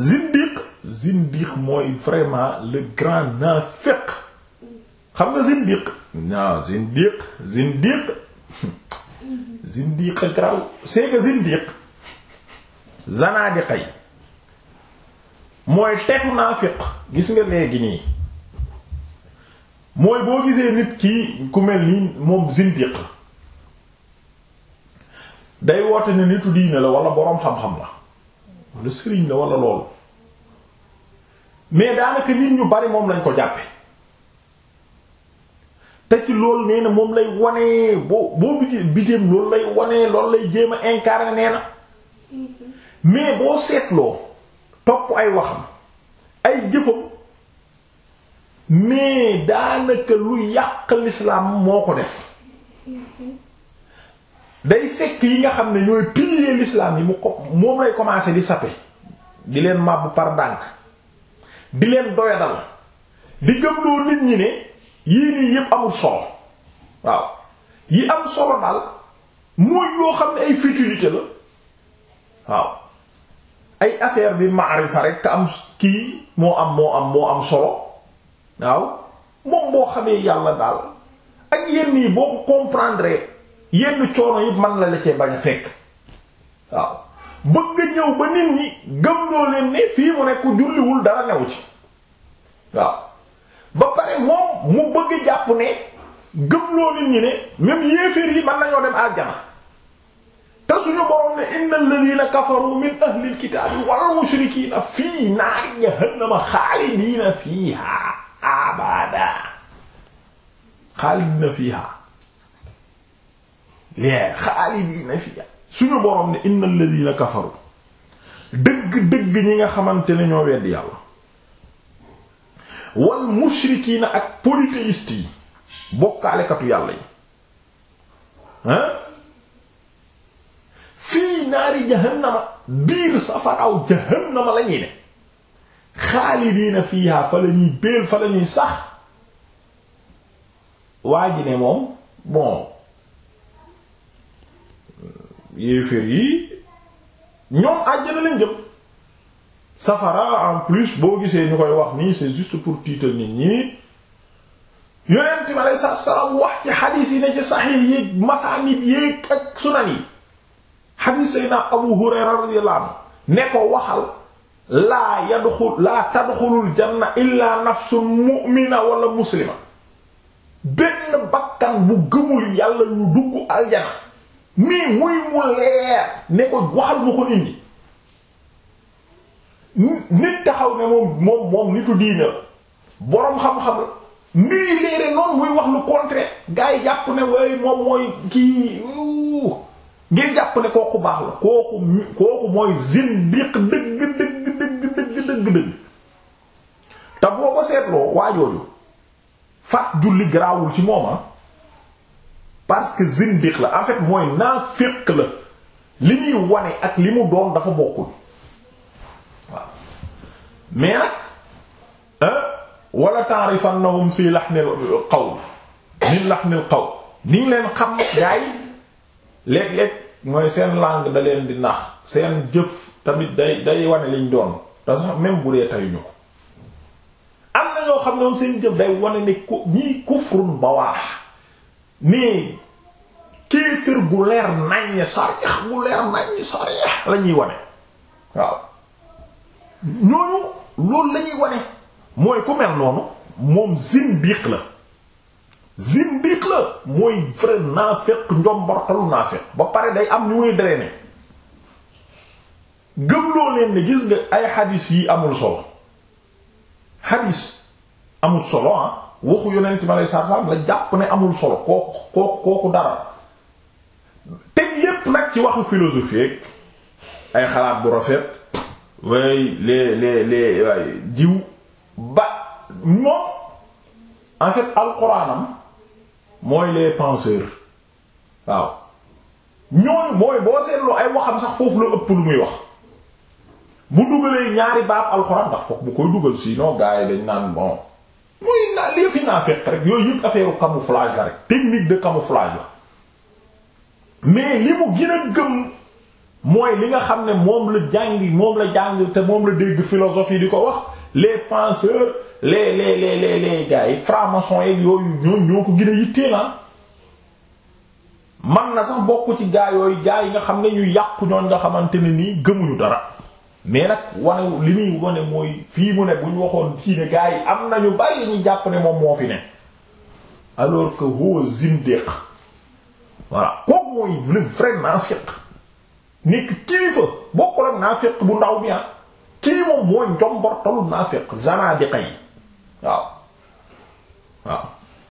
zindiq zindiq mooy vraiment le grand nafiq xam nga zindiq non zindiq zindiq zindiq ak raw c'est que zindiq zanaadiqa yi mooy tetu naafiq gis nga léegi nii mooy boo gisee nit ki ku mel nii moom zindiq day woote ne nitu diine la wala boroom xam-xam la wala sëriñ la wala loolu mais daanaka nit ñu bari moom lañ ko jàppe te ci loolu nee na moom lay wanee boo boo bitéem loolu lay wanee loolu lay jéem a incarner nee na mais boo seetloo topp ay waxam ay jëfam mais daanaka lu yàq l'islam moo ko def day fekk yi nga xam ne ñooy pilier l'islam yi mu ko moom lay commencer di sape di leen màbb par ndànk di leen doyadal di gëmloo nit ñi ne yii nii yépp amul solo waaw yi am solo daal mooy loo xam ne ay futilité la waaw ay affaire bi maarifa rek ka am kii moo am moo am moo am solo waaw moom boo xamee yàlla daal ak yenn yi boo ko comprendre yenn coono yi man la la cee bañ a fekk waaw bëgg ñëw ba nit ñi gëm loo leen ne fii mu nekk julliwul dara new ci waaw ba pare moom mu bëgg jàpp ne gëm loo nit ñi ne même yéeféer yi man nañoo dem aljana te suñu borom ne innal ladina kafaru min ahlil kitaabi wal mushrikiina fii naari jahannama xaalidiina fiihaa abada xaalidiina fiihaa lee xaalidiina fiha suñu boroom ne innal ladina kafaru dëgg-dëgg ñi nga xamante ne ñoo wedd yàlla wal mushrikiina ak polythéistes yi bokkaalekatu yàlla yi ah fii naari jahannama biir safaraw jahannama la ñuy ne xaalidiina fiiha fa la ñuy fa la sax waa ji ne moom bon yéeféer yi ñoom àjjana lañ jëm safara en plus boo gisee ñu koy wax nii c'est juste pour tiital nit ñi yonent bi alei salaatu wax ci xadiis yi ne ci saxiix yi masaanid yi ak sunan yi xadiis sayna Abu Hurayra radiyallahu ne ko waxal laa yadxul laa tadxulul janna illa nafsun mu'mina wala muslima benn bakkan bu gëmul yàlla lu dugg aljana mais muy mu leer ne ko waxal ma ko nit ñi nit taxaw ne moom moom moom nitu diine la boroom xam-xam la mbir yi léere noonu muy wax lu contraire gars yi jàpp ne waaye moom mooy kii ngeen jàpp ne kooku baax la kooku kooku mooy zindiq dëgg dëgg dëgg dëgg dëgg dëgg te boo ko seetloo waajooju faat julli garaawul ci moom ah. parce que zindiq la en fait mooy naafiq la li muy wane ak li mu doon dafa bokkul waaw mais nag wala ta'rifannahum fi lahnil qawl min lahnil qawl ni leen xam gaay léeg-léeg mooy seen langue da leen di nax seen jëf tamit day day wane liñ doon te sax même bu dee tayuñu ko am na ñoo xam ne moom seen jëf day wane ne ku ñiy kufrun bawaax mais kéefër gu leer naññ sarix gu leer naññ sarix la ñuy wane waaw ñooñu loolu la ñuy wane mooy ku mel noonu moom zimbiq la zimbiq la mooy vrai naaféq njombortalu naaféq ba pare day am ñu muy drainer gëm loo leen ne gis nga ay xadiis yi amul solo xadiis amul solo ah waxu yonent ma lay sarsam la jàpp ne amul solo kooku kooku kooku dara teg lépp nag ci waxu philosophie ay xalaat bu rafet way les les les waay diw ba moom en fait alxuraanam mooy les penseurs waaw ñooñu mooy boo seetloo ay waxam sax foofu la ëpp lu muy wax bu dugalee ñaari baab alxuraan ndax foog bu koy dugal sinon gars yi dañ naan bon naa yëfi naa fekk rek yooyu yëpp affaire camouflage la rek technique de camouflage la mais li mu gën a gëm mooy li nga xam ne moom la jàngi moom la jàng te moom la dégg philosophie di ko wax les penseurs les les les les les yi francs-maçons yooyu ñoo ñoo ko gën yittee na ah. man na sax bokk ci gaa yooyu gaa yi nga xam ne ñu yàqu ñoon nga xamante ne nii gëmuñu dara. mais nag wane li muy wane mooy fii mu ne bu ñu waxoon diine gaa yi am nañu bari ñu jàpp ne moom moo fi ne alors que huwa déq voilà kooku mooy le vrai naafiq nekk kilifa bokkul ak naafiq bu ndaw bi ah kii moom mooy njombortalu naafiq zanadiqa yi waaw waaw